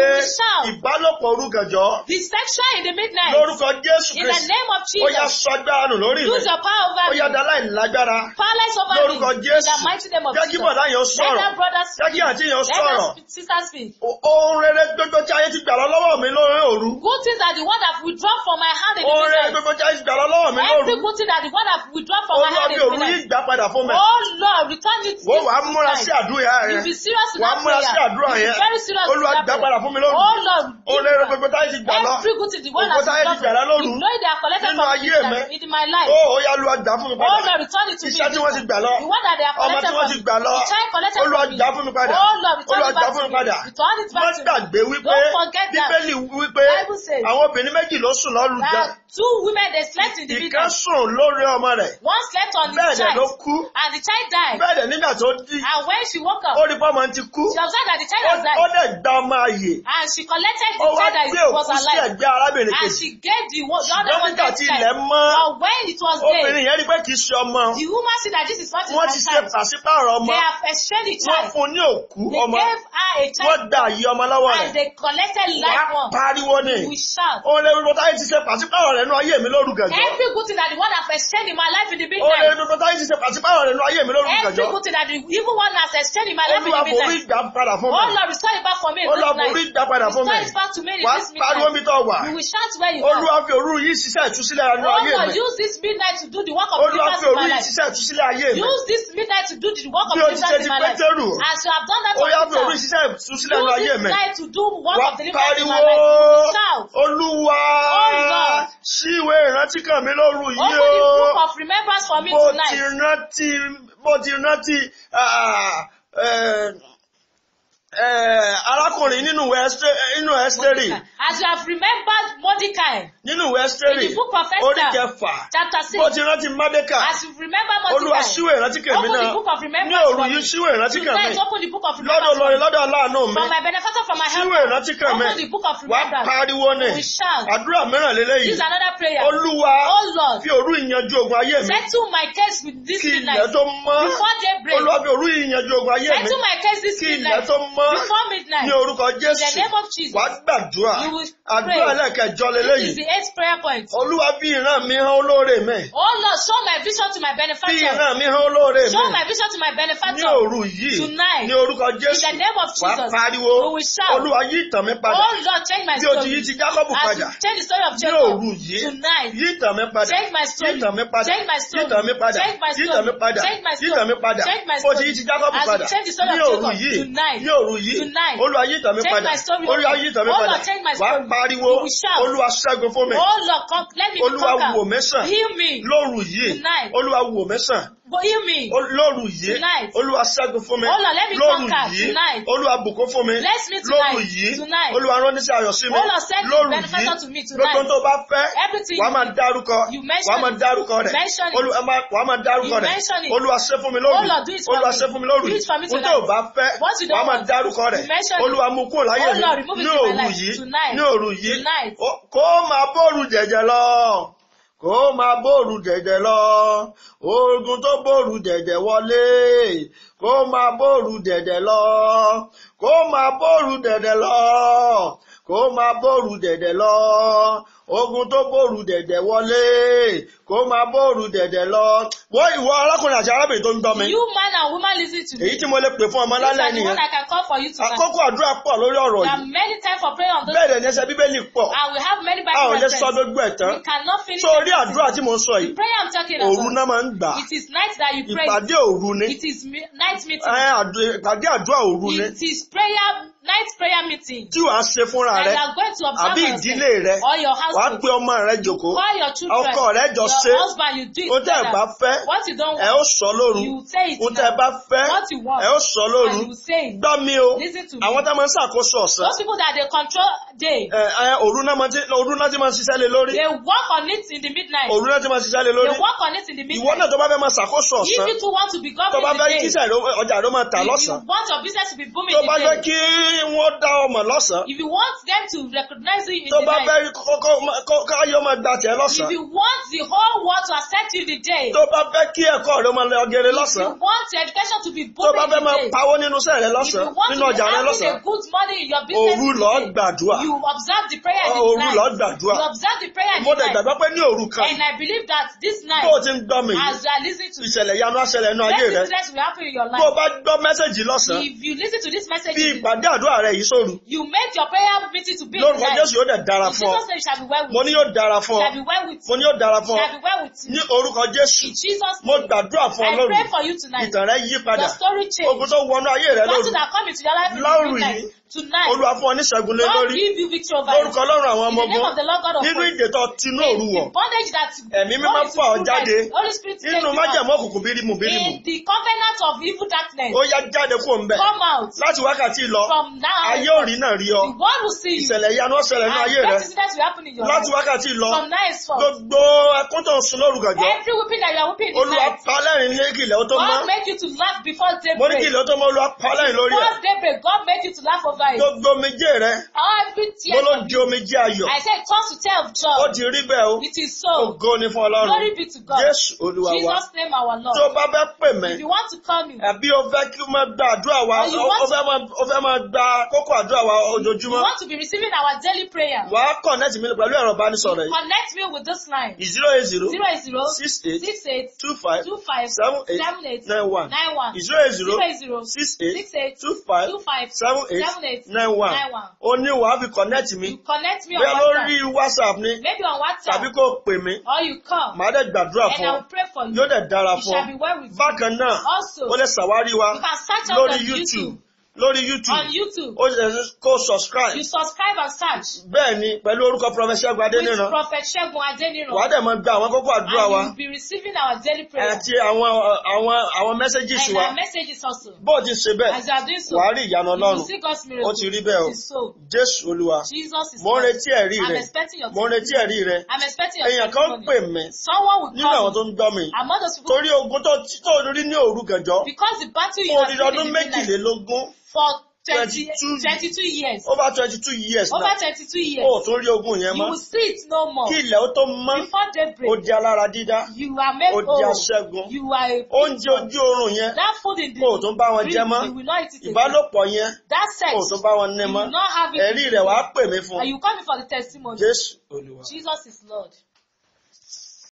ìbálòpọ̀ orúgànjọ́. the sexual in the midnight. lórúkọ Jésù Kristi. in the name of Jesus. ó yẹ sọ agbára nù lórí rẹ. use your power over me. ó yẹ dalá ìlágbára. powerless over me. lórúkọ Jésù. in the mighty name of Jesus. jẹ́ kí bọ̀dá yẹn sọ̀rọ̀. let our brothers speak. jẹ́ kí àti yẹn sọ̀rọ̀. let our sisters speak. ohun rere gbogbo tí ayé ti gbà lọ lọ́wọ́ mi lórí òru. good things are the word that withdraw from my hand in the midnight. ohun rere gbogbo tí ayé ti gbà lọ lọ́wọ́ mi lóru. every good thing that the word that withdraw from my hand in the midnight. olúwa mi òru yìí gbà padà fún mi. oh Lord return it. wọ́n wàá wàá múra sí àdúrà rẹ wàá múra sí àdúrà yẹn olúwa gbà padà fún mi lóru o oh, lè rẹ gbogbo táyé ti gbà lọ gbogbo táyé ti gbà lóru nínú ayé mẹ o ò yá lu àgbà fún mi padà oh, iṣẹ́ tí wọ́n ti gbà lọ ọmọ tí wọ́n ti gbà lọ olúwa gbà fún mi padà oh, olúwa gbà fún mi padà wọ́n gbàgbé wípé bíbélì wípé àwọn obìnrin méjì ló sùn lọ́lù jẹun two women they slept in the middle. ìkan sùn lórí ọmọ rẹ̀. one slept on the child. bẹ́ẹ̀ ló kú. and the child died. bẹ́ẹ̀ nígbà tó di. and when she woke up. ó rí bọ́mọ ti kú. she observed that the child was died. ó dẹ̀ gba ọmọ ààyè. and she collected the child that was alive. ó wá gbé òkú sí ẹ̀gbẹ́ arábìnrin kejì. and she gave the, other one that child. ilẹ̀ mọ́. but when it was day. obìnrin yẹn rí pé kì í ṣe ọmọ. the woman said that this is not his child. wọ́n ti ṣe pàṣípààrọ̀ ọmọ. they have exchanged the child. wọ́n fún ní òkú ọmọ. they gave her a child. wọ́n dà yí ọmọ lọ́wọ́ and they collected life we shout. rẹ̀ rẹ̀ nú ayé mi lóru gànjọ́. every good thing that the one has exchanged in my life in the midnight. oore inú tó táyé ti ṣe pàṣípààrọ̀ rẹ̀ nú ayé mi lóru gànjọ́. every good thing that the evil one has exchanged in my life in the midnight. olúwa borí ìgbà padà fún mi. oh lord restore it back for me in this night. olúwa borí ìgbà padà fún mi. restore it back to me in this midnight. wàá pariwo mi tó wà. you will shout where you are. olúwa fi òru yìí ṣiṣẹ́ ìtúsílẹ̀ nú oh ayé mi. oh lord use this midnight to do the work of deliverance in my life. olúwa fi òru yìí ṣiṣẹ́ ìtúsílẹ̀ ayé mi. use this midnight to do the work of deliverance in my life. as you have done that for me. olúwa fi òru yìí ṣiṣẹ́ ìtúsílẹ̀ nú ayé mi. use this night to do work of deliverance my life. wàá pariwo olúwa. Oh ṣí ìwé ìrántí kàn mí lóru yìí o. open the book of remembrance for me tonight. mo ti rántí mo ti rántí. Ah, eh, Eh, arákùnrin nínú ìwé ẹ́sítérì. Eh, as you have remembered Mordecai. nínú ìwé in the book of Esther. orí kẹfà. chapter six. bó ti rántí Mordecai. as you remember Mordecai. olúwa ṣíwò ìrántí kèmí náà. open the book of remembrance for me. ní òru yìí ṣíwò ìrántí kèmí. tonight open the book of remembrance for me. lọ́dọ̀ olórin lọ́dọ̀ aláàánú mi. for my benefactor for my help. ṣíwò ìrántí kèmí. open the book of remembrance. wàá pariwo ni. we shall. àdúrà mìíràn lélẹ́yìí. use another prayer. olúwa oh lord. fi òru ìyanjú ogun ayé mi. settle my case with this midnight. kí ilẹ̀ tó mọ́. before day break. olúwa fi òru ìyanjú ogun ayé mi. settle my case this midnight. kí ilẹ̀ tó mọ́ mọ́ ní orúkọ Jésù wàá gbàdúrà àdúrà lẹ́kẹ̀jọ lélẹ́yìí Olúwa bí ìran mi hàn olóore mi. Oh Lord, show my vision to my benefactor. bí ìran mi hàn olóore mi. show my vision to my benefactor. ní òru yìí tonight ní orúkọ Jésù wàá pariwo Olúwa yí ìtàn mi padà. Oh Lord, change my story. bí o ti yí ti Jacob padà. as you change the story of Jacob. ní òru yìí tonight yí ìtàn mi padà. change my story. yí ìtàn mi padà. change my story. yí ìtàn mi padà. change my story. yí ìtàn mi padà. change my story. yí ìtàn mi padà. change my story. o ti yí ti Jacob padà. as you change the story of Jacob tonight. ní òru yìí ní òru lóru yìí olúwa yí ìtàn mi padà olúwa yí ìtàn mi padà wà á pariwo olúwa ṣẹ́gun fún mi olúwa wò mẹ́sàn lóru yìí olúwa wò mẹ́sàn evening. lóru yìí olúwa ṣẹ́gun fún mi. hold on let me lóru yìí olúwa bùkún fún mi. bless me tonight lóru yìí olúwa rán níṣẹ́ ayọ̀ sí mi. hold on send the benefactor to me tonight. lóru yìí gbogbo tó bá fẹ́ wàá máa dárúkọ wàá máa dárúkọ rẹ̀ wàá máa dárúkọ rẹ̀ olúwa ṣe fún mi lóru yìí olúwa ṣe fún mi lóru yìí kó it. bá fẹ́ wàá máa dárúkọ rẹ̀ olúwa mú kúrò láyé mi ní oh, òru yìí ní òru yìí kó máa bóòrù jẹ̀jẹ̀ lọ kó máa bóòrù jẹ̀jẹ̀ lọ ogun tó bóòrù jẹ̀jẹ̀ wọlé kó máa bóòrù jẹ̀jẹ̀ lọ kó máa bóòrù jẹ̀jẹ̀ lọ kó máa bóòrù jẹ̀jẹ̀ lọ ogun tó bòrù dẹ̀dẹ̀ wọlé kó máa bòrù dẹ̀dẹ̀ lọ. wo ìwọ arákùnrin àti arábìnrin tó ń gbọ́ mi. you man and woman listen to me. èyí tí mo lè pè fún ọmọ lálẹ́ nìyẹn. these are the ones I can call for you tonight. àkókò àdúrà pọ̀ lórí ọ̀rọ̀ yìí. there are many times for prayer on those. bẹ́ẹ̀ ni ẹsẹ̀ bíbélì pọ̀. and we have many bible verses. a ò lè sọ gbogbo ẹ̀ tán. we cannot finish so, everything. sórí àdúrà tí mo ń sọ yìí. the prayer I'm talking about. òru náà máa ń gbà. it is night that you pray. ìpàdé òru ni. it is night meeting. ìpàdé àdúrà òru ni. it is prayer night prayer meeting. tí wàá ṣe fúnra rẹ àbí ìdílé rẹ or your house wàá pe ọmọ rẹ jòkó ọkọ rẹ jọ ṣe kó tẹ ẹ bá fẹ́ ẹ ó sọ lóru kó tẹ ẹ bá fẹ́ ẹ ó sọ lóru gbọ́ mi o àwọn tá a máa ń ṣàkóso ọ̀sán. those people that dey control day. ẹ òru náà ti òru náà ti máa ṣiṣẹ́ lé lórí. they work on it in the midnight. òru náà ti máa ṣiṣẹ́ lé lórí. they work on it in the midnight. ìwọ náà tó bá fẹ́ máa ṣàkóso ọ̀sán. if you want to be governed tó bá fẹ́ kí ọjà rẹ máa tà lọ́sàn. you want your business to be booming tó bá fẹ́ kí wọ́n dá ọmọ lọ́sàn. if you want them to recognize you tó bá fẹ́ kọ́kọ́ káyọ̀ máa gba tẹ̀ lọ́sàn-án. if you want the whole world to accept you today. tó bá fẹ́ kí ẹ̀kọ́ rẹ máa lọ gẹ̀rẹ́ lọ́sàn-án. if you want your education to be booming tó bá fẹ́ máa pawó nínú sẹ́ẹ̀ rẹ lọ́sàn-án if you want to be having a good money in your business òru lọ gbàdúrà. you observe the prayer in the night. òru lọ gbàdúrà. you observe the prayer in the night. mo dẹ̀ gbàgbọ́ pé ní òru kan. and I believe that this night. tó o ti ń gbọ́ mi. as you are listening to me. ìṣẹ̀lẹ̀ yanu aṣẹlẹ̀ inú ayé rẹ. best stress will happen in your life. bó o bá gbọ́ mẹ́sẹ̀gì lọ́sàn-án. if you listen to this message. bí ìpàdé àdúrà rẹ yìí sóru. you make your prayer meeting to be in the night mo ní yóò dára fún ọ mo ní yóò dára fún ọ ní orúkọ Jésù mo gbàdúrà fún ọ lórí ìtàn rẹ yí padà ogun tó wọnú ayé rẹ lórí lórí yìí olúwa fún ọ ní ṣẹ́gun lé lórí lórúkọ ọlọ́run àwọn ọmọ ogun nínú ìdètò tinú òru wọ̀ ẹ̀mí mímọ́ pọ̀ ọ jáde nínú májẹ̀mú òkùnkùn bírímù bírímù ó yá jáde kúrò ńbẹ̀ láti wákàtí lọ ayé òrí náà rí ọ ìṣẹ̀lẹ̀ ìyanu ọ̀ṣẹ̀lẹ̀ ní ayé rẹ láti wákàtí lọ gbogbo ẹkún tó ń sun lóru gàgà olúwa palẹ́rìn ní kí ilẹ̀ ó tó mọ́ mo ní kí ilẹ̀ ó tó mọ́ olúwa palẹ́rìn lórí ẹ̀ gbogbo omijé rẹ mo ló di omijé ayọ̀ ó ti rí bẹ́ẹ̀ o ògo ni fún ọlọ́run Jésù olúwa wa tó bá fẹ́ pè mẹ́ àbí o fẹ́ kí o máa gba àdúrà wa o fẹ́ máa gba kókó àdúrà wa ojoojúmọ́ wàá kọ̀ nẹ́ẹ̀tì mi pẹ̀lú pẹ̀lú ẹ̀rọ ìbánisọ̀rọ̀ yìí. connect me with this line. zero eight zero. zero eight zero. six eight. six eight. two five. two five. seven eight. seven eight. nine one. nine one. zero eight zero. zero eight zero. six eight. six eight. two five. two five. seven eight. seven eight. nine one. nine one. o ní wàá fi connect me. you connect me on WhatsApp. bẹ́ẹ̀ lórí WhatsApp ni. maybe on WhatsApp. tàbí kó o pè mí. or you call. màá dẹ̀ gbàdúrà fún ọ. and I will pray for you. yóò dẹ̀ dára fún ọ. you shall be well with me. bákan náà. also. o lè ṣàwárí wa. you can search us on YouTube lórí youtube on youtube ó ṣe kó subscribe you subscribe and search. bẹ́ẹ̀ni pẹ̀lú orúkọ prophet ṣẹ́gun adéníran with prophet ṣẹ́gun adéníran wàá dẹ̀ máa gba àwọn kókó àdúrà wa and you be receiving our daily prayer àti àwọn àwọn àwọn messages wa and our messages also bó o ti ṣe bẹ́ẹ̀ as you doing so wàá rí ìyanu ọlọ́run you see God's miracle ó ti rí bẹ́ẹ̀ o jésù olúwa Jesus is mò ń retí ẹ̀rí rẹ I'm expecting your mò ń retí ẹ̀rí rẹ I'm expecting your èèyàn kan pè mí someone will call nínú àwọn tó ń gbọ́ mi among those people torí ogun tó rí ní òru gànjọ́ because the battle you are fighting for twenty two years. over twenty two years now. over twenty two years. o oh, tún rí ogun yẹn mọ́. you will see it no more. kí ilẹ̀ ó tó mọ́. before day break. o di alára dídá. you are made whole. o di aṣẹ́gun. you are a victim. oúnjẹ ojú oorun yẹn. that food in the breeze. o tún bá wọn jẹ mọ́. you will not eat it again. ìbálòpọ̀ yẹn. that sex. o tún bá wọn ní mọ́. you will not have it again. ẹ̀rí rẹ̀ wàá pè mí fún. and you call me for the testimony. Jésù Olúwa. Jesus is Lord.